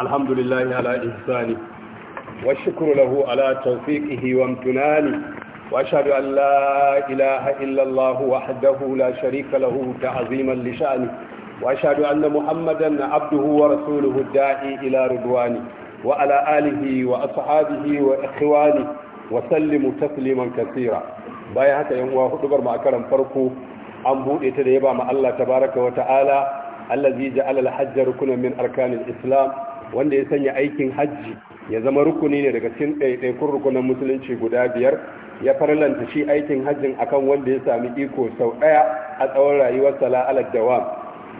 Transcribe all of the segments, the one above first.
alhamdulillah ni ala ihsani wa shukuru lahu ala tawfiqihi wa amtinani wa ashhadu an la ilaha illa allah wahdahu la sharika lahu ta'ziman li sha'ni wa ashhadu anna muhammadan abduhu wa rasuluhu da'i ila ridwani wa ala alihi wa ashabihi wa ikhwani wa sallimu tasliman katira baya haka yan uwa hudu bar ma karan farko an bude ta da yaba ma allah tabaaraka wa ta'ala allazi ja'ala al-hajja rukunan min arkanil islam wanda ya sanya aikin hajji ya zama rukuni ne daga cikin ɗaiɗaikun rukunan musulunci guda biyar ya farlanta shi aikin hajjin akan wanda ya sami iko sau ɗaya a tsawon rayuwar sala dawam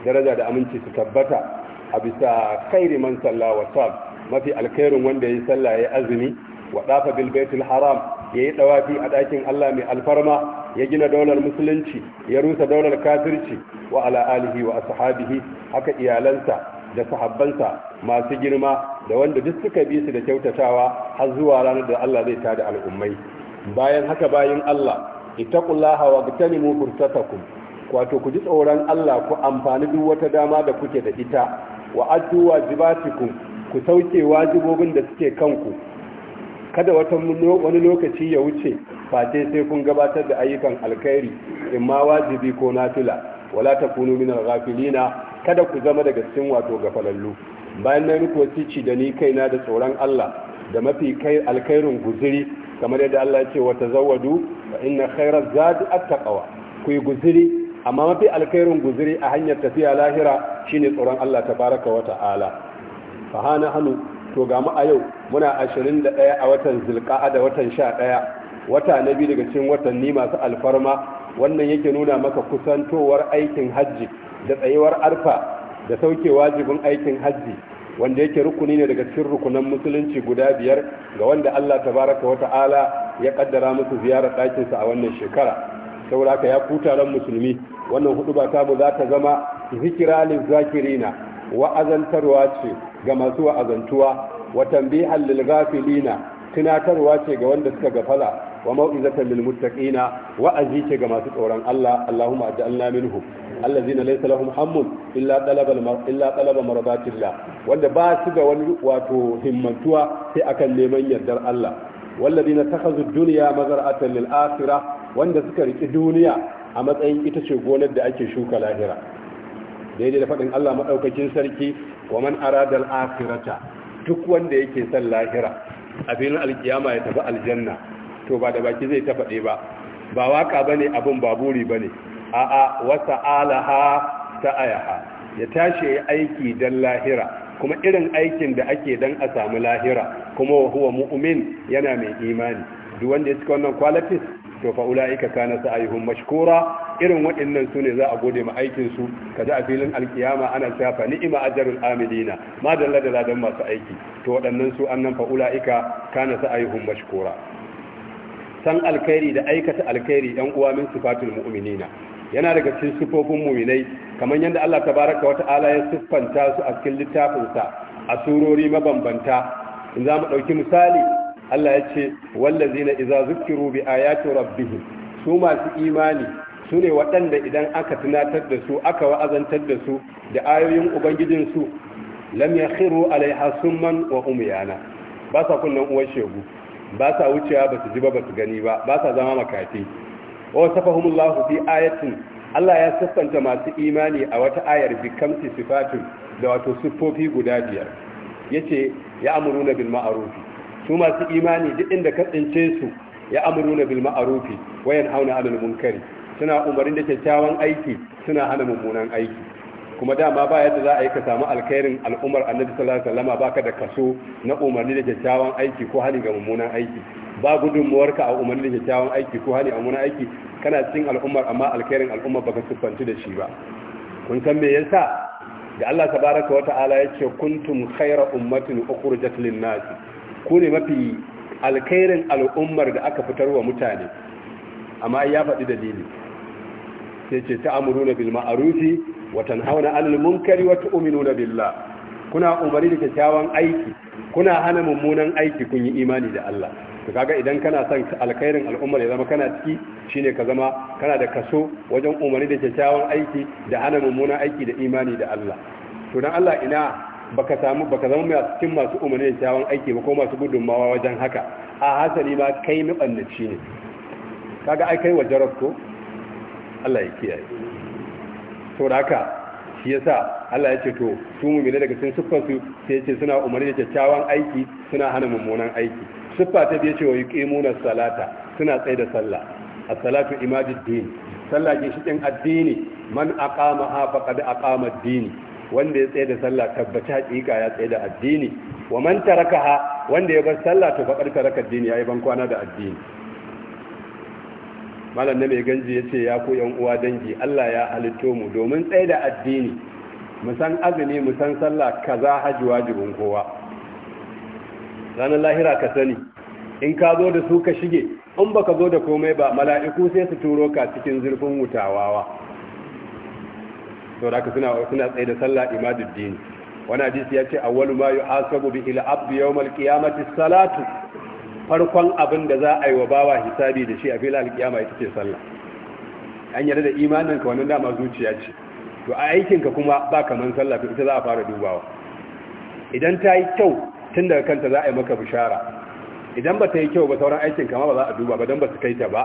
daraja da aminci su tabbata a bisa kairi man sallah wa sab mafi alkhairin wanda ya sallah ya azumi wa dafa bil baitul haram ya yi ɗawafi a ɗakin Allah mai alfarma ya gina daular musulunci ya rusa daular kafirci wa ala alihi wa ashabihi haka iyalansa da sahabbansa masu girma da wanda duk suka bi su da kyautatawa har zuwa ranar da Allah zai tada al'ummai bayan haka bayan Allah ittaqullaha wa gtanimu fursatakum wato ku ji tsoron Allah ku amfani duk wata dama da kuke da ita wa addu wajibatikum ku sauke wajibobin da suke kanku kada wata wani lokaci ya wuce face sai kun gabatar da ayyukan alkhairi imma wajibi ko nafila wala takunu minal ghafilina kada ku zama daga cikin wato gafalallu bayan na muku ci da ni kaina da tsoron Allah da mafi kai alkhairin guziri kamar yadda Allah ya ce wa tazawwadu fa inna khayra zadi at-taqwa ku yi guziri amma mafi alkhairin guziri a hanyar tafiya lahira shine tsoron Allah tabaraka wa ta'ala fa hana hanu to ga mu a yau muna 21 a watan zulqa'ada watan 11 wata na biyu daga cikin watanni masu alfarma wannan yake nuna maka kusantowar aikin hajji da tsayuwar arfa da sauke wajibin aikin hajji wanda yake rukuni ne daga cikin rukunan musulunci guda biyar ga wanda Allah tabaraka wa ta'ala ya kaddara musu ziyarar sa a wannan shekara saboda haka ya kuta ran musulmi wannan hudu ba ta mu za ta zama zikira lil zakirina wa'azantarwa ce ga masu wa'azantuwa wa tanbihan lil ghafilina tunatarwa ce ga wanda suka gafala wa mau'izatan lil muttaqina wa'azi ce ga masu tsoron Allah Allahumma aj'alna minhum allazina laysa lahum hammun illa talaba illa talaba maradatillah wanda ba su ga wani wato himmantuwa sai akan neman yardar Allah wallazina takhazu dunya mazar'atan lil akhirah wanda suka riki duniya a matsayin ita ce gonar da ake shuka lahira daidai da faɗin Allah maɗaukacin sarki wa man aradal akhirata duk wanda yake son lahira abin alkiyama ya tafi aljanna to ba da baki zai ta faɗe ba ba waka bane abin baburi bane a'a wata alaha ta ayaha ya tashi aiki dan lahira kuma irin aikin da ake dan a samu lahira kuma huwa mu'min yana mai imani duk wanda ya cika wannan qualities to fa ulaika kana sa'ihum mashkura irin waɗannan su ne za a gode ma aikin su kaza a filin alkiyama ana shafa ni'ima ajrul amilina ma da ladan masu aiki to waɗannan su annan fa ulaika kana sa'ihum mashkura san alkhairi da aikata alkhairi ɗan uwa min sifatul mu'minina yana daga cikin sifofin mu'minai kamar yadda Allah tabaraka wa ta'ala ya siffanta su a cikin littafin sa a surori mabambanta in za mu dauki misali Allah ya ce wallazina idza zukiru bi ayati rabbihim su masu imani su ne waɗanda idan aka tunatar da su aka wa'azantar da su da ayoyin su lam yakhiru alaiha summan wa umyana ba sa kullun uwar shegu ba sa wucewa ba su ji ba ba su gani ba ba sa zama makafi wa safahumullahu fi ayatin Allah ya siffanta masu imani a wata ayar bi kamti sifatin da wato siffofi guda biyar yace ya amuruna bil ma'ruf su masu imani duk inda ka tsince su ya amuruna bil ma'ruf wa yanhauna 'anil munkari suna umarin da kyakkyawan aiki suna hana mummunan aiki kuma dama ba yadda za a yi ka samu alkhairin al'ummar annabi sallallahu alaihi wasallam baka da kaso na umarni da kyakkyawan aiki ko hali ga mummunan aiki ba gudunmuwar ka a umarni da kyakkyawan aiki ko hali a mummunan aiki kana cikin al'ummar amma alkhairin al'ummar baka siffanci da shi ba kun san me yasa da Allah tabaraka wa ta'ala yace kuntum khayra ummatin ukhrijat lin-nas ku ne mafi alkhairin al'ummar da aka fitarwa mutane amma ya faɗi dalili sai ce ta'amuruna bil ma'rufi watan hauna 'anil munkari wa tu'minuna billah kuna umarni da kyakkyawan aiki kuna hana mummunan aiki kun yi imani da Allah to kaga idan kana son alkhairin al'umma ya zama kana ciki shine ka zama kana da kaso wajen umari da kyakkyawan aiki da hana mummunan aiki da imani da Allah to dan Allah ina baka samu baka zama mai cikin masu umarni da kyakkyawan aiki ba ko masu gudunmawa wajen haka a hasali ma kai mabannaci ne kaga ai kai wa ko? Allah ya kiyaye to da haka shi yasa Allah ya ce to su mu'mini daga cikin siffar su sai ya ce suna umarni da kyakkyawan aiki suna hana mummunan aiki siffa ta biye cewa yuqimuna salata suna tsaye da sallah as-salatu din. sallah ke shi din addini man aqama ha faqad aqama ad-din wanda ya tsaye da sallah tabbata hakika ya tsaye da addini wa man tarakaha wanda ya bar sallah to faqad taraka ad-din yayi ban kwana da addini malam na mai ganji ya ce ya ku yan uwa dangi Allah ya halitto mu domin tsaye da addini mu san azumi mu san sallah kaza haji wajibin kowa ranar lahira ka sani in ka zo da su ka shige in baka zo da komai ba mala'iku sai su turo ka cikin zurfin wutawawa to ka suna suna tsaye da sallah imaduddin wani hadisi ya ce awwalu ma yu'asabu bi al-abdu yawm al-qiyamati salatu farkon abin da za a yi wa bawa hisabi da shi a filin alkiyama ita ce sallah an yarda da imanin ka wannan dama zuciya ce to a aikinka kuma ba kaman sallah to ita za a fara dubawa idan ta yi kyau tun daga kanta za a yi maka bishara idan ba ta yi kyau ba sauran aikinka ma ba za a duba ba don ba su kai ta ba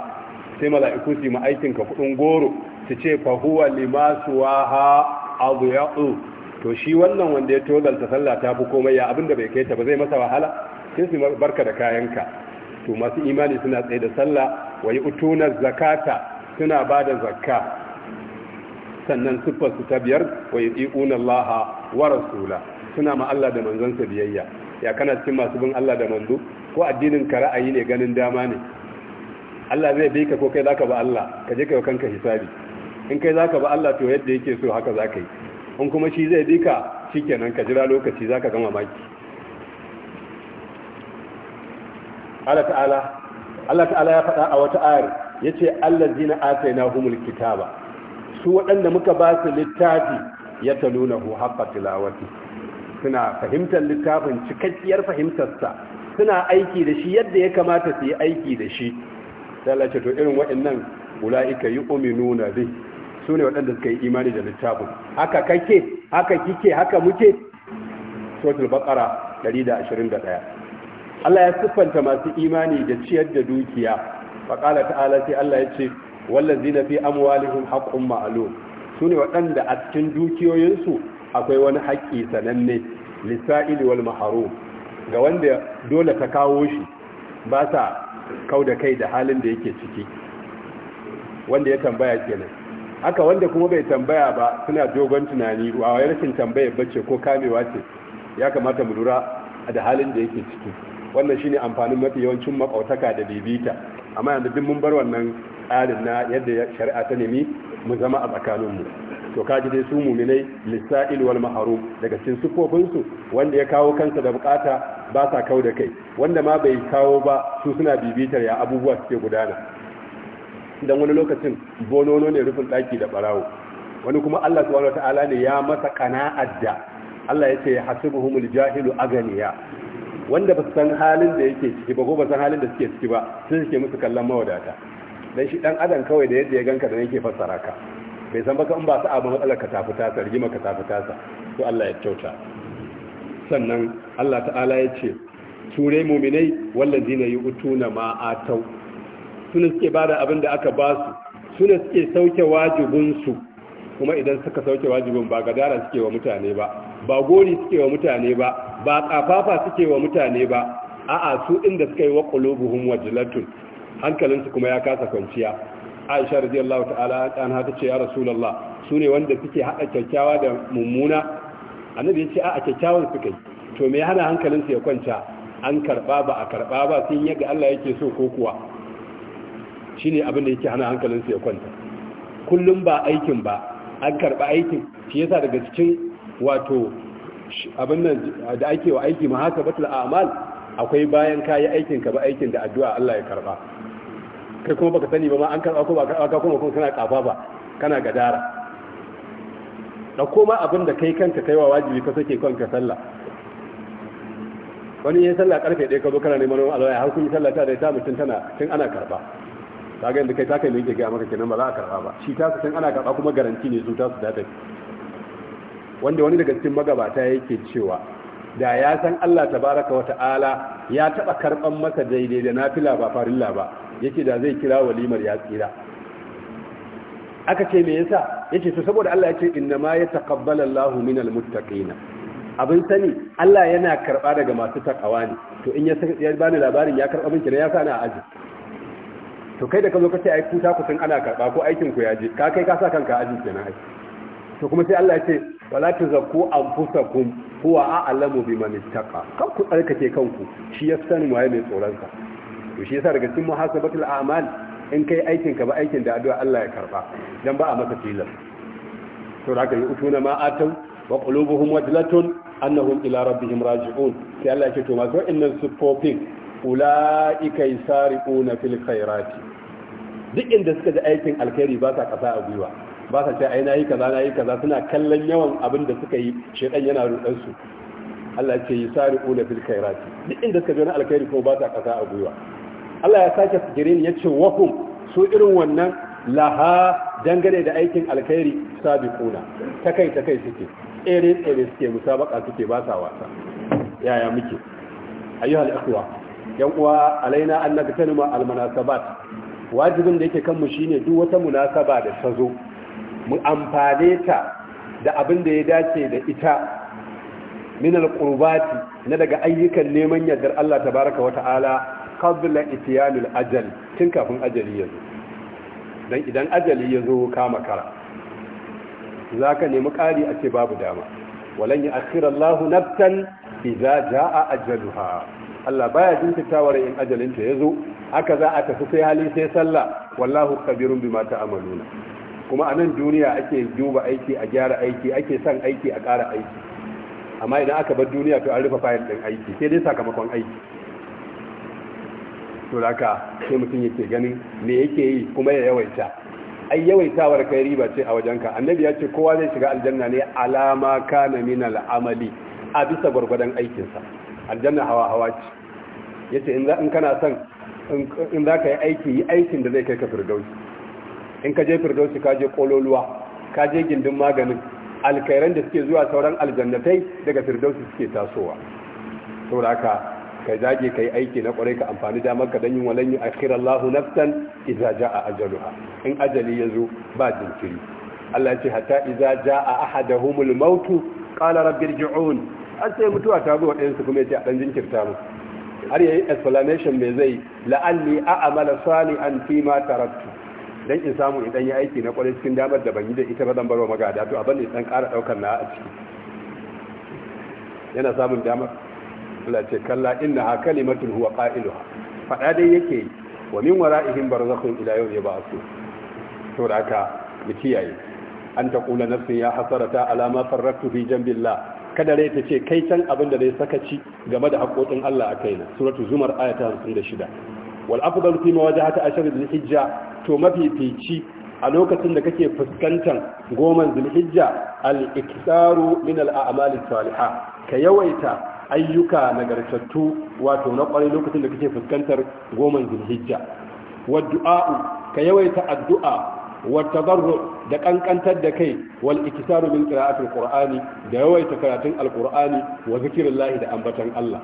sai mala'iku su yi ma aikinka kudin goro su ce fa huwa ha abu ya'u to shi wannan wanda ya tozalta sallah ta fi komai ya abinda bai kai ta ba zai masa wahala sai su barka da kayanka to masu imani suna tsaye da sallah wa yi utunar zakata suna ba da zakka sannan su ta biyar wa yi tsiƙunan laha wa rasula suna ma Allah da manzansa biyayya ya kana cikin masu bin Allah da manzo ko addinin ka ra'ayi ne ganin dama ne Allah zai bi ka ko kai zaka ba Allah ka je kai kanka hisabi in kai zaka ba Allah to yadda yake so haka zaka yi in kuma shi zai bi ka shikenan ka jira lokaci zaka gama maki. Allah ta'ala ya faɗa a wata ayar ya ce Allah allazina atayna humul kitaba su waɗanda muka ba su littafi ya talunahu haqqa tilawati suna fahimtar littafin cikakkiyar fahimtarsa suna aiki da shi yadda ya kamata su yi aiki da shi sai Allah ce to irin waɗannan ulaika yu'minuna bi su ne waɗanda suka yi imani da littafin haka kake haka kike haka muke suratul baqara 121 Allah ya siffanta masu imani da ciyar da dukiya faƙala ta'ala sai Allah ya ce wallazina fi amwalihim haqqun ma'lum sune waɗanda a cikin dukiyoyinsu akwai wani haƙƙi sananne lisa'il wal mahrum ga wanda dole ka kawo shi ba sa kauda kai da halin da yake ciki wanda ya tambaya kenan haka wanda kuma bai tambaya ba suna dogon tunani a rashin tambaya bace ko kamewa ce ya kamata mu lura da halin da yake ciki wannan shine amfanin mafi yawancin makautaka da bibita amma yanzu duk mun bar wannan tsarin na yadda shari'a ta nemi mu zama a tsakaninmu to kaji dai su muminai lissa'il wal maharum daga cikin sukofinsu wanda ya kawo kansa da bukata ba sa kau da kai wanda ma bai kawo ba su suna bibitar ya abubuwa suke gudana Idan wani lokacin bonono ne rufin daki da barawo wani kuma Allah subhanahu wataala ne ya masa qana'ar da Allah ya ce hasibuhumul jahilu aganiya wanda ba su san halin da yake ciki ba ko ba san halin da suke ciki ba sai suke musu kallon mawadata dan shi dan adam kawai da yadda ya ganka da yake fassara ka bai san baka in ba su abu matsalar ka tafi tasa rigima ka tafi tasa to Allah ya kyauta sannan Allah ta'ala ya ce ture muminai wallazina yu'tuna ma atau sune suke bada abin da aka ba su sune suke sauke wajibin su kuma idan suka sauke wajibin ba gadara suke wa mutane ba ba gori suke wa mutane ba ba kafafa suke wa mutane ba a'a su inda suka yi wa qulubuhum wajlatun hankalinsu kuma ya kasa kwanciya Aisha radiyallahu ta'ala an ta ce ya Rasulullah sune wanda suke hada kyakkyawa da mummuna annabi ya ce a'a kyakkyawan suka yi to me hana hankalinsu ya kwanta an karba ba a karba ba sun yadda Allah yake so ko kuwa shine abin da yake hana hankalinsu ya kwanta kullum ba aikin ba an karba aikin shi yasa daga cikin wato abin nan da ake wa aiki haka batul a'mal akwai bayan kayi aikin ka ba aikin da addu'a Allah ya karba kai kuma baka sani ba ma an karba ko ba ka kuma kana kafa ba kana gadara da kuma abin da kai kanka kai wa wajibi ka sake kanka sallah wani yin sallah karfe 1 ka zo kana neman alwaya har kun yi sallah ta da ta mutun tana tun ana karba ka ga kai ta kai ne ke gaya maka kenan ba za a karba ba shi ta su tun ana karba kuma garanti ne su ta su da tafi wanda wani daga cikin magabata yake cewa da ya san Allah tabaraka wa ta'ala ya taba karban masa daidai da nafila ba farilla ba yake da zai kira walimar ya tsira aka ce me yasa yake to saboda Allah yake inna ma yataqabbalu Allahu minal muttaqin abin sani Allah yana karba daga masu takawa ne to in ya bani labarin ya karba binki ne ya sani a aji to kai da kazo kace ai ku ta ku san ana karba ko aikin ku ya je ka kai ka sa kanka aji kenan ai to kuma sai Allah ya ce wala tuzakku anfusakum huwa a'lamu biman ittaqa kan ku tsarkake kanku shi ya sani waye mai tsoron sa to shi yasa daga cikin muhasabatul a'mal in kai aikin ka ba aikin da addu'a Allah ya karba dan ba a masa filan. to da haka yutuna ma atau wa qulubuhum wajlatun annahum ila rabbihim raji'un sai Allah ya ce to masu wa'annan sufofin ulaika yasariquna fil khairati duk inda suka ji aikin alkhairi ba sa kasa a gwiwa ba sa ce ai yi kaza yi kaza suna kallon yawan abin da suka yi shekan yana rudan su Allah ce yi ula fil khairat duk inda suka jona wani alkhairi ko ba sa kasa a gwiwa Allah ya sake girin ya ce wakum su irin wannan laha dangane da aikin alkhairi sabiquna ta kai ta kai suke ere ere suke musabaka suke ba sa wasa yaya muke ayyuhal ikhwa yan uwa alaina an nagtanima almunasabat wajibin da yake kanmu mu shine duk wata munasaba da ta zo mu amfane ta da abin da ya dace da ita min qurbati na daga ayyukan neman yardar Allah tabaraka wa ta'ala qabla itiyanil ajal tun kafin ajali ya zo dan idan ajali ya zo ka makara zaka nemi kari a ce babu dama walan ya akhira Allah nafsan idza jaa ajaluha Allah baya tawara in ajalinta ta zo, haka za a tafi sai hali sai sallah wallahu kabirun bima ta'amaluna kuma a nan duniya ake duba aiki a gyara aiki ake son aiki a ƙara aiki amma idan aka bar duniya to an rufe fayil ɗin aiki sai dai sakamakon aiki to haka sai mutum yake ganin me yake yi kuma ya yawaita ai yawaitawar kai riba ce a wajen ka. annabi ya ce kowa zai shiga aljanna ne alama kana min al'amali a bisa gwargwadon aikinsa aljanna hawa hawa ce yace in kana son in za ka yi aiki yi aikin da zai kai ka firdausi in ka je firdausi ka je kololuwa ka je gindin maganin alkairan da suke zuwa sauran aljannatai daga firdausi suke tasowa saboda haka ka zage ka yi aiki na kwarai ka amfani damar ka dan yin walan yi akhirar lahu nafsan iza ja'a ajaluha in ajali ya zo ba jinkiri Allah ce hatta iza ja'a ahadahumul mautu qala rabbi irji'un an sai mutuwa ta zo wadansu kuma ya ce a dan jinkirta mu har yayi explanation me zai la'alli a'mala salihan fi ma taraktu dan in samu idan ya aiki na kwarai cikin damar da ban yi da ita ba zan barwa magada to abin da dan ƙara ɗaukar na a ciki yana samun damar Allah ce kalla inna ha kalimatun huwa qailuha fada dai yake wa min wara'ihim barzakhun ila yawm yab'athun to da ka, mu kiyaye an ta kula nafsi ya hasarata ala ma farraktu fi jambillah kada rai ta ce kai can abin da dai sakaci game da haƙoƙin Allah a kaina suratu zumar ayata 56 wal afdal fi mawajahati ashr dhulhijja to mafifici a lokacin da kake fuskantar goman zulhijja al min al-a'mal ka yawaita ayyuka nagartattu wato na kwarai lokacin da kake fuskantar goman zulhijja wa du'a'u ka yawaita addu'a wata tadarru da ƙanƙantar da kai wal ikisaru min qira'atil qur'ani da yawaita karatun al-qur'ani wa zikrillah da ambatan Allah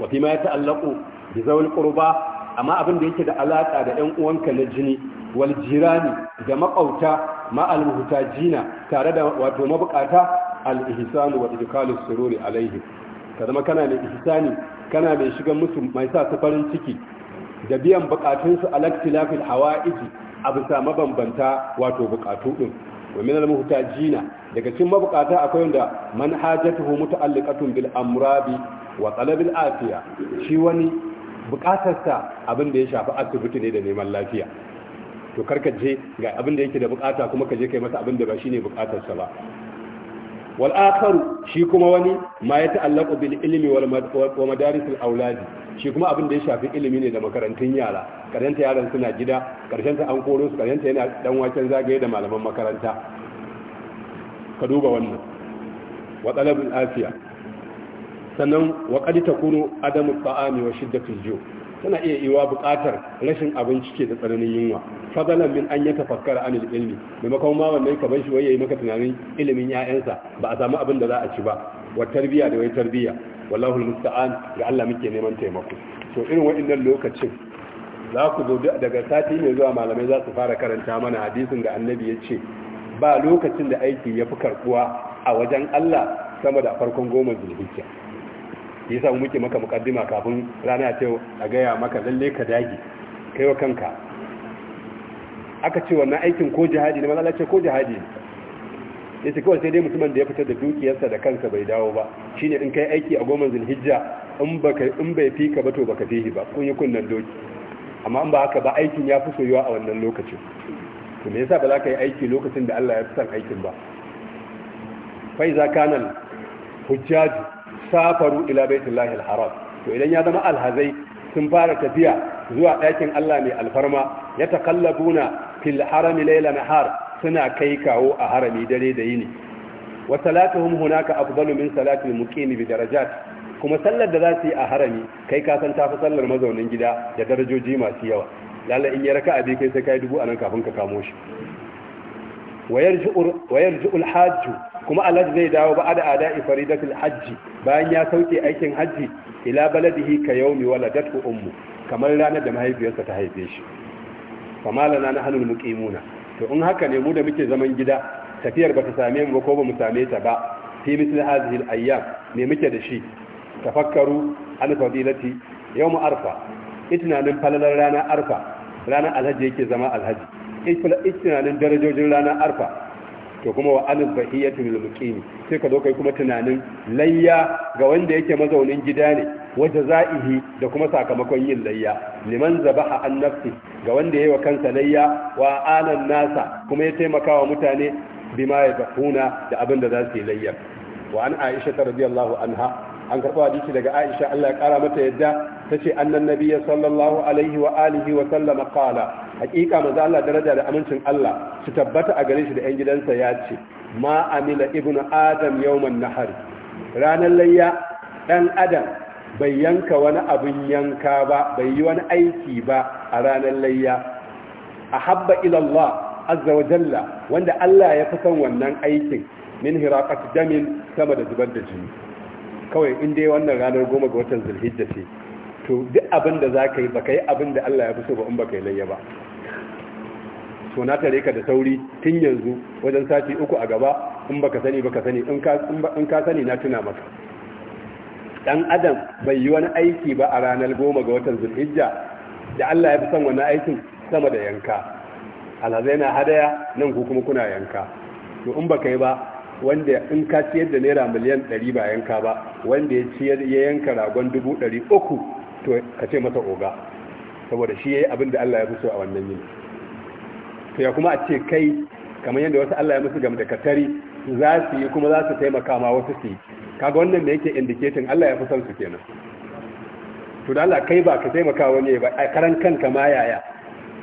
wa ya ta'allaqu da Kurba, ƙurba amma abin da yake da alaƙa da 'yan uwanka na jini wal jirani da maƙauta ma al tare da wato mabukata al wa idkalus sururi alaihi ka zama kana mai ihsani kana mai shiga musu mai sa su farin ciki da biyan bukatunsu a laktilafin hawa'iji a bisa mabambanta wato bukatu ɗin wamin al jina daga cikin mabukata akwai wanda man manhajatuhu muta'alliqatun bil amrabi wa talabil afiya shi wani bukatarsa abin da ya shafi asibiti ne da neman lafiya to karka je ga abin da yake da bukata kuma ka je kai masa abin da ba shine bukatarsa ba wal akharu shi kuma wani ma ya ta'allaqu bil ilmi wal madaris al auladi shi kuma abin da ya shafi ilimi ne da makarantun yara karanta yaran suna gida karshen ta an koro su karanta yana dan waken zagaye da malaman makaranta ka duba wannan wa talabul afiya sannan wa qad takunu adamu ta'ami wa shiddatul ju tana iya yiwa buƙatar rashin abinci ke da tsananin yunwa fadalan min an fakkara an ilmi maimakon ma wannan ka bar shi waye maka tunanin ilimin 'ya'yansa ba a samu abin da za a ci ba wa tarbiya da wai tarbiya wallahu musta'an ga Allah muke neman taimako to irin waɗannan lokacin za ku zo daga sati mai zuwa malamai za su fara karanta mana hadisin da annabi ya ce ba lokacin da aiki ya fi karkuwa a wajen Allah sama da farkon goma zulhijja shi yasa muke maka mukaddima kafin rana ta a gaya maka lalle ka dage kai wa kanka aka ce wannan aikin ko jihadi ne manzo ce ko jihadi ne yace kawai sai dai mutumin da ya fitar da dukiyarsa da kansa bai dawo ba shine in kai aiki a goma zulhijja in baka in bai fika ba to baka fihi ba kun yi kunnan doki amma in ba haka ba aikin ya fi soyuwa a wannan lokacin to me yasa ba za ka yi aiki lokacin da Allah ya fi son aikin ba fa iza kanal hujjaju safaru ila baitullahi alharam to idan ya zama alhazai sun fara tafiya zuwa ɗakin Allah mai alfarma ya takallabuna fil harami laila nahar suna kai kawo a harami dare da yini wa salatuhum hunaka afdalu min salati al-muqim bi darajat kuma sallar da za su yi a harami kai ka san tafi sallar mazaunin gida da darajoji masu yawa lalle in ya raka abi kai sai kai dubu anan kafin ka kamo shi wayarji'ul hajju kuma Alhaji zai dawo ba da ada faridatul hajji bayan ya sauke aikin hajji ila baladihi ka yaumi waladatu ummu kamar ranar da mahaifiyarsa ta haife shi famala na nahnu muqimuna to in haka ne mu da muke zaman gida tafiyar bata same mu ko ba mu same ta ba fi misl hadhihi ayyam me muke da shi tafakkaru al-fadilati yawm arfa itinanin falalar ranar arfa ranar alhaji yake zama alhaji itinanin darajojin ranar arfa to kuma wa alil bahiyatu lil muqim sai ka zo kai kuma tunanin layya ga wanda yake mazaunin gida ne wa za'ihi da kuma sakamakon yin layya liman zabaha an nafsi ga wanda yayi wa kansa layya wa anan nasa kuma ya taimaka wa mutane bima yadhuna da abin da za su yi layya wa an aisha radiyallahu anha an karɓi hadisi daga aisha allah ya ƙara mata yadda ta ce annan nabiya sallallahu alaihi wa alihi wa sallama qala hakika maza allah daraja da amincin allah su tabbata a gare shi da yan gidansa ya ce ma amila ibnu adam yawman nahar ranar layya dan adam bai yanka wani abin yanka ba bai yi wani aiki ba a ranar layya ahabba habba ilallah azza wa jalla wanda allah ya fi son wannan aikin min hiraqat damin sama da zubar da jini kawai in dai wannan ranar goma ga watan zulhijja ce to duk abin da za ka yi baka yi abin da Allah ya fi so ba in baka yi layya ba so na tare ka da sauri tun yanzu wajen sati uku a gaba in baka sani baka sani in ka sani na tuna maka dan adam bai yi wani aiki ba a ranar goma ga watan zulhijja da Allah ya fi son wani aikin sama da yanka alhazai na hadaya nan ku kuma kuna yanka to in baka yi ba wanda in ka ciyar da naira miliyan 100 ba yanka ba wanda ya ciyar ya yanka ragon 300 to ka ce masa oga saboda shi yayi abin da Allah ya so a wannan yini to ya kuma a ce kai kamar yadda wasu Allah ya musu gam da katari za su yi kuma za su taimaka ma wasu su yi kaga wannan da yake indicating Allah ya fi son su kenan to da Allah kai ba ka taimaka wani ba a karan kanka ma yaya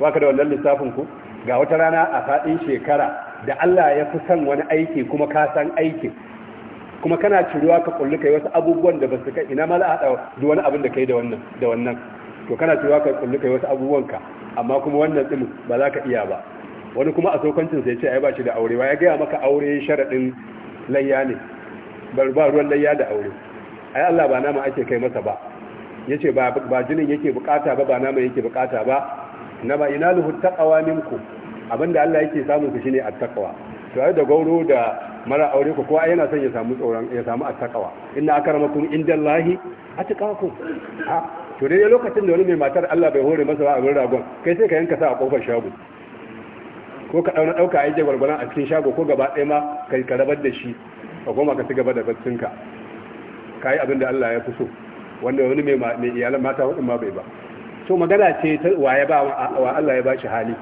ba ka da wannan lissafin ku ga wata rana a faɗin shekara da Allah ya fi son wani aiki kuma ka san aikin kuma kana ciruwa ka kulli kai wasu abubuwan da ba su kai ina ma za a haɗa duk wani abin da kai da wannan da wannan to kana ciruwa ka kulli kai wasu abubuwan ka amma kuma wannan din ba za ka iya ba wani kuma a sokancin sai ya ce ai ba shi da aure ba ya gaya maka aure sharadin layya ne ba ruwan layya da aure ai Allah ba nama ake kai masa ba yace ba ba jinin yake bukata ba ba nama yake bukata ba na ba inaluhu taqawa minkum abinda Allah yake samu su shine attaqwa to ai da gauro da mara aure ko kowa yana son ya samu tsoron ya samu attaqwa inna akramakum indallahi atqakum ha to dai lokacin da wani mai matar Allah bai hore masa ba a gurin ragon kai sai ka yanka sa a kofar shago ko ka dauna dauka a je gurgurun a cikin shago ko gaba ɗaya ma kai ka rabar da shi ka goma ka ci gaba da ka kai abin da Allah ya fi so wanda wani mai iyalan mata wadin ma bai ba so magana ce ta waye ba wa Allah ya bashi hali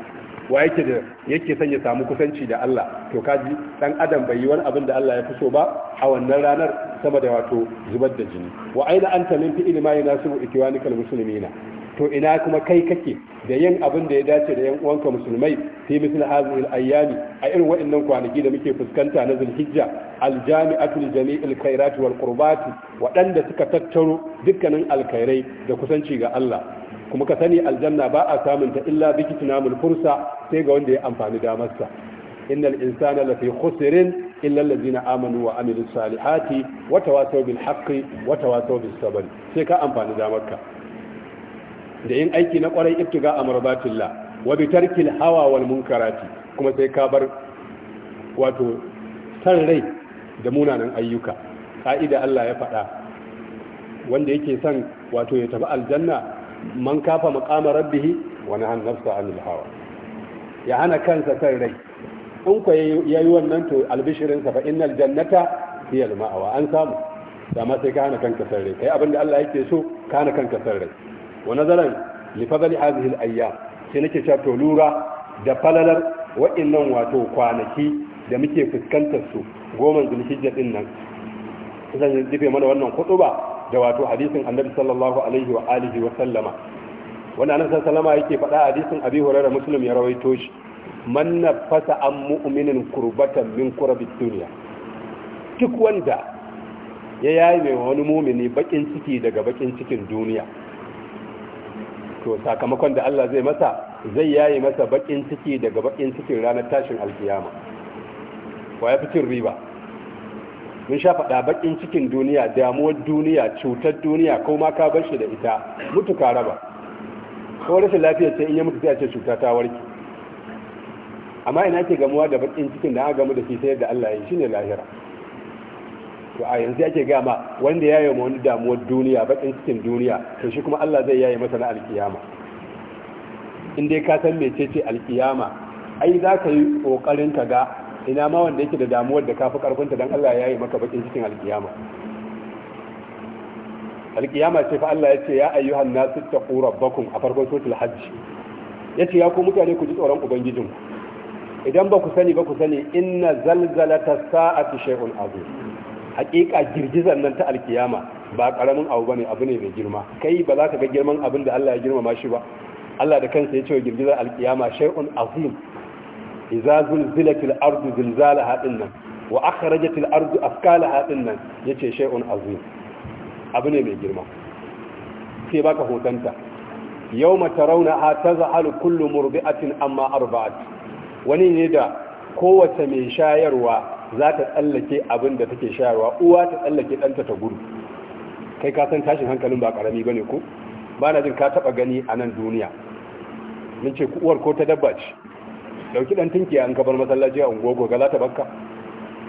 wa yake da yake son ya samu kusanci da Allah to kaji dan adam bai yi wani abin da Allah ya fi so ba a wannan ranar sama da wato zubar da jini wa aina anta min fi'li ma yanasibu ikwanikal muslimina to ina kuma kai kake da yin abin da ya dace da yan uwanka musulmai fi misl hadhihi al-ayyami a irin waɗannan kwanaki da muke fuskanta na zulhijja al-jami'atu li jami'il khairat wal qurbat waɗanda suka tattaro dukkanin alkhairai da kusanci ga Allah kuma ka sani aljanna ba a samun ta illa bi kitnamul fursa sai ga wanda ya amfani masa innal insana lafi khusrin illa allazina amanu wa amilu salihati wa tawasaw bil haqqi wa tawasaw bis sabr sai ka amfani damarka da yin aiki na kwarai ibtiga amrabatillah wa bi tarkil hawa wal munkarati kuma sai ka bar wato san rai da munanan ayyuka ka'ida Allah ya faɗa wanda yake son wato ya tafi aljanna man kafa maqama rabbih wa nahan nafsa anil hawa ya hana kansa kan rai in ya yayi wannan to albishirin sa fa innal jannata hiya al ma'awa an samu ma sai ka hana kanka san rai kai abinda Allah yake so ka hana kanka san rai wa nazaran li fadli hadhihi al ayyam sai nake cewa to lura da falalar wa'annan wato kwanaki da muke fuskantar su goma zulhijja din nan zan rufe mana wannan ba. da wato hadisin annabi sallallahu alaihi wa alihi wa sallama wanda annabi sallama yake faɗa hadisin abi hurairah muslim ya rawaito shi man nafasa an mu'minin kurbatan min kurabid duniya duk wanda ya yayi mai wani mumini bakin ciki daga bakin cikin duniya to sakamakon da Allah zai masa zai yayi masa bakin ciki daga bakin cikin ranar tashin alkiyama wa ya fi riba mun sha faɗa baƙin cikin duniya damuwar duniya cutar duniya ko ma ka bar shi da ita mutu ka raba ko rashin lafiyar ce in ya mutu ce cuta ta warke amma ina ke gamuwa da baƙin cikin da aka gamu da fitar da Allah ya shine lahira to a yanzu ake ga ma wanda ya yi wani damuwar duniya baƙin cikin duniya to shi kuma Allah zai yaye masa na alkiyama in dai ka san mecece alkiyama ai za ka yi kokarin ka ga ina ma wanda yake da damuwar da kafi karfinta don Allah ya yi maka bakin cikin alkiyama alkiyama ce fa Allah ya ce ya ayyuhan nasu taqu bakun a farkon hajji ya yace ya ku mutane ku ji tsoron ubangijin? idan ba ku sani ba ku sani inna zalzalata sa'ati shay'un azim hakika girgizar nan ta alkiyama ba karamin abu bane abu ne mai girma kai ba za ka ga girman abin da Allah ya girmama shi ba Allah da kansa ya ce wa girgizar alkiyama shay'un azim iza zulzilatil ardu zilzalaha dinnan wa akhrajatil ardu nan, dinnan yace shay'un azim abu ne mai girma sai baka hotanta yawma tarawnaha tazhalu kullu murdi'atin amma arba'at wani ne da kowace mai shayarwa za ta tsallake abin da take shayarwa uwa ta tsallake ɗanta ta gudu kai ka san tashin hankalin ba karami bane ko ba na jin ka taɓa gani a nan duniya mun ce uwar ko ta dabba ce dauki dan tinki an kabar masallaci a gogo ga za ta bakka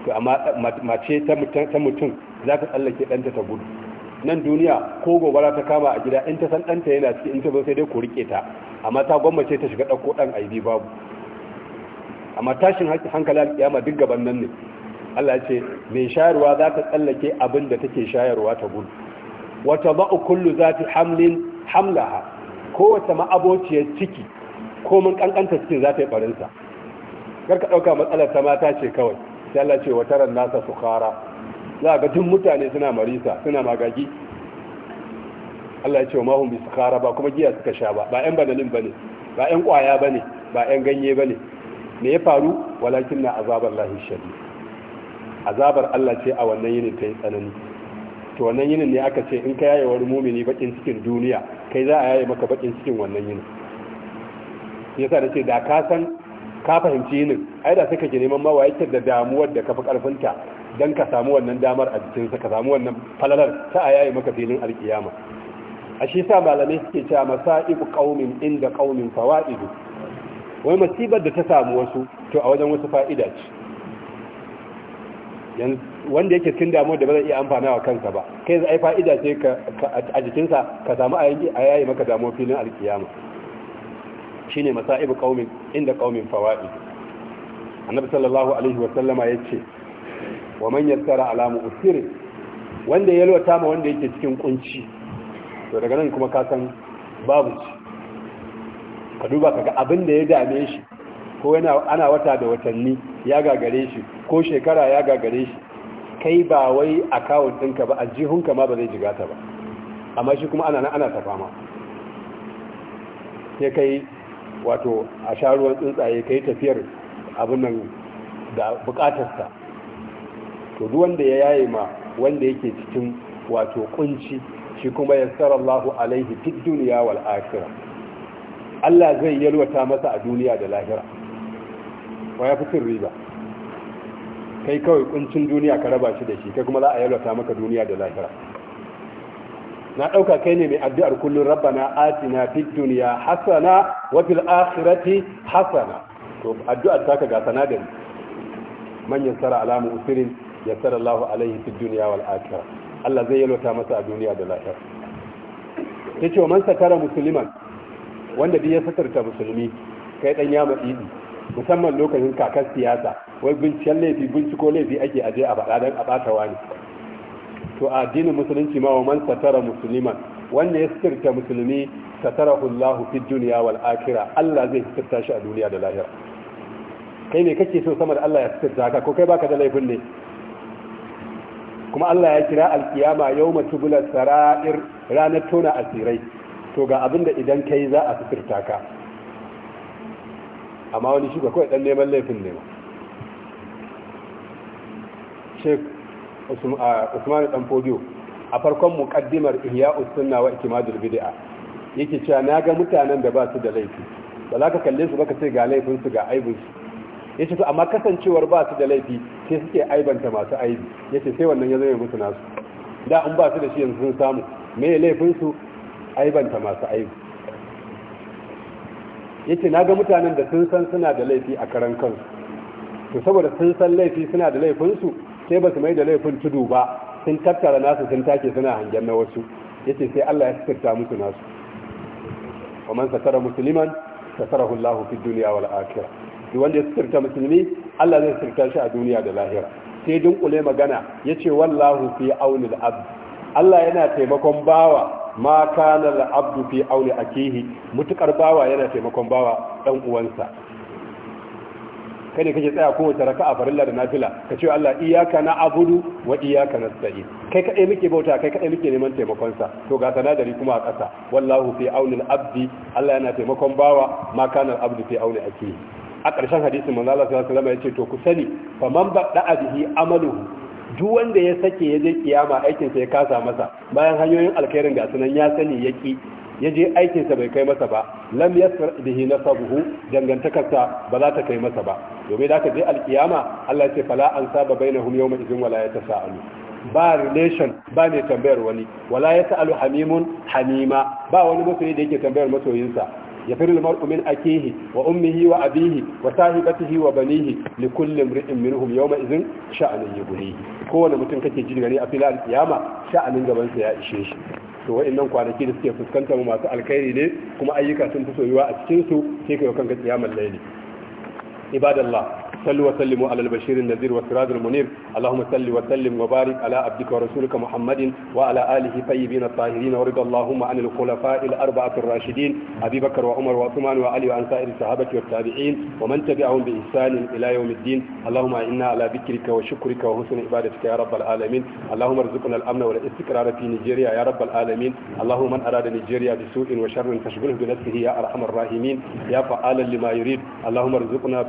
to amma mace ta mutum za ta tsallake danta ta gudu nan duniya ko gobara ta kama a gida in ta san danta yana ciki in ta zo sai dai ku rike ta amma ta gwammace ta shiga dauko dan aibi babu amma tashin hankali alkiyama duk gaban nan ne Allah ya ce mai shayarwa za ta tsallake abin da take shayarwa ta gudu wata ba'u kullu zati hamlin hamlaha kowace ma'abociyar ciki komin kankanta cikin za ta yi barinsa karka ɗauka matsalar ta mata ce kawai sai Allah ce wa taran nasa su kara za ga duk mutane suna marisa suna magagi Allah ya ce wa mahun bi su kara ba kuma giya suka sha ba ba yan banalin bane ba yan kwaya bane ba ƴan ganye bane me ya faru walakin na azabar lahi shadi azabar Allah ce a wannan yinin ta yi tsanani to wannan yinin ne aka ce in ka yaye wani mumini bakin cikin duniya kai za a yaye maka bakin cikin wannan yinin yasa da ce da ka san ka fahimci yinin ai da suka ke neman mawa yake da damuwar da kafi karfinta don ka samu wannan damar a jikinsa ka samu wannan falalar ta a yayi maka filin alkiyama a shi sa malamai suke cewa masa'ibu qaumin inda qaumin fawaidu wai masibar da ta samu wasu to a wajen wasu fa'ida ce wanda yake cikin damuwar da ba zai iya amfana wa kansa ba kai ai fa'ida ce a jikinsa ka samu a yayi maka damuwar filin alkiyama shine masaibu qaumin inda qaumin fawaid annabi sallallahu alaihi wa sallama yace wa man yattara ala mu'sir wanda ya ma wanda yake cikin kunci to daga nan kuma ka san babu shi ka duba kaga abin da ya dame shi ko yana ana wata da watanni ya gagare shi ko shekara ya gagare shi kai ba wai akawun ɗinka ba a jihunka ma ba zai jigata ba amma shi kuma ana ana ta fama sai kai wato a sha ruwan tsuntsaye kai tafiyar abin da bukatarsa to duk wanda ya yaye ma wanda yake cikin wato kunci shi kuma yassara Allahu alaihi duk duniya wal Allah zai yalwata masa a duniya da lahira wa ya fi riba kai kawai kuncin duniya ka raba shi da shi kai kuma za a yalwata maka duniya da lahira na ɗauka kai ne mai addu'ar kullum rabbana atina fid duniya hasana wa fil akhirati hasana to addu'ar ka ga sanadin manyan tsara, alamu usirin ya sara Allah alaihi fid duniya wal akhirah Allah zai yalwata masa a duniya da Ta yace man sakara musliman wanda biya ya satarta musulmi kai dan ya matsidi musamman lokacin kakar siyasa wai binciken laifi binciko laifi ake aje a faɗa don a ɓata wani to a addinin musulunci ma wa man satara musliman wanda ya sirta musulmi satarahu Allah fi dunya wal akhirah Allah zai sirta shi a duniya da lahira kai ne kake so sama da Allah ya sirta ka ko kai baka da laifin ne kuma Allah ya kira alkiyama yawma tubula sara'ir ranar tona asirai to ga abinda idan kai za a sirta ka amma wani shi ga kawai dan neman laifin ne ma Usman dan Fodio a farkon muqaddimar Ihya'us Sunna wa Ikmadul Bid'a yake cewa ga mutanen da ba su da laifi ba za ka kalle su ba ka ce ga laifin su ga aibin su yace to amma kasancewar ba su da laifi sai suke aibanta masu aibi yace sai wannan ya zama musu nasu da an ba su da shi yanzu sun samu me laifin su aibanta masu aibi yace ga mutanen da sun san suna da laifi a karan kansu to saboda sun san laifi suna da laifinsu sai ba su mai da laifin tudu ba sun tattara nasu sun take suna hangen na wasu yace sai Allah ya sirta musu nasu wa man satara musliman satarahu Allah fi dunya wal akhirah duk wanda ya sirta musulmi Allah zai sirta shi a duniya da lahira sai dunkule magana yace wallahu fi aunil abd Allah yana taimakon bawa ma kana abdu fi auni akihi mutukar bawa yana taimakon bawa dan uwansa kada kake tsaya kowace raka'a farilla da nafila ka ce Allah iyyaka na'budu wa iyyaka nasta'in kai kadai muke bauta kai kadai muke neman taimakon sa to ga sanadari kuma a ƙasa wallahu fi auni abdi Allah yana taimakon bawa ma kana abdu fi auni akihi a ƙarshen hadisin manzo Allah sallallahu alaihi wasallam ya ce to ku sani man bada'a bihi amaluhu duk wanda ya sake ya je kiyama aikin sa ya kasa masa bayan hanyoyin alkhairin ga sunan ya sani ya ya je aikinsa bai kai masa ba lam yasar bihi nasabuhu dangantakarsa ba za ta kai masa ba domin da aka je alkiyama Allah ya ce fala an saba bainahum yawma idzin wala yatasaalu ba relation ba ne tambayar wani wala yatsalu hamimun Hamima ba wani masoyi da yake tambayar masoyinsa ya firi lamar umin akehi wa ummihi wa abihi wa sahibatihi wa banihi li kulli imrin minhum izin idzin sha'anihi yughni kowane mutum kake jin gani a filan kiyama sha'anin gabansa ya ishe shi to wa'annan kwanaki da suke fuskantar masu alkhairi ne kuma ayyuka sun fi soyuwa a cikin su sai kai kanka tsiyamar laili ibadallah صلوا وسلموا على البشير النذير والسراج المنير اللهم صل وسلم وبارك على عبدك ورسولك محمد وعلى اله الطيبين الطاهرين ورضى اللهم عن الخلفاء الاربعه الراشدين ابي بكر وعمر وعثمان وعلي وعن سائر الصحابه والتابعين ومن تبعهم باحسان الى يوم الدين اللهم انا على ذكرك وشكرك وحسن عبادتك يا رب العالمين اللهم ارزقنا الامن والاستقرار في نيجيريا يا رب العالمين اللهم من اراد نيجيريا بسوء وشر فاشغله بنفسه يا ارحم الراحمين يا فعالا لما يريد اللهم ارزقنا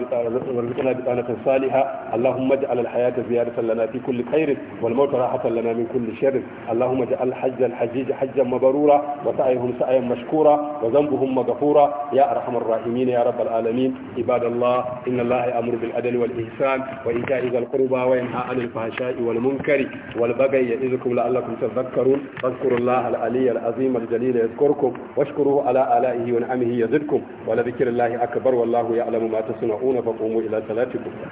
بطانة صالحة اللهم اجعل الحياة زيادة لنا في كل خير والموت راحة لنا من كل شر اللهم اجعل حج الحجيج حجا مبرورا وسعيهم سعيا مشكورا وذنبهم مغفورا يا أرحم الراحمين يا رب العالمين عباد الله إن الله يأمر بالعدل والإحسان وإيتاء ذي القربى وينهى عن الفحشاء والمنكر والبغي يعظكم لعلكم تذكرون فاذكروا الله العلي العظيم الجليل يذكركم واشكروه على آلائه ونعمه يزدكم ولذكر الله أكبر والله يعلم ما تصنعون فقوموا إلى صلاة salatikum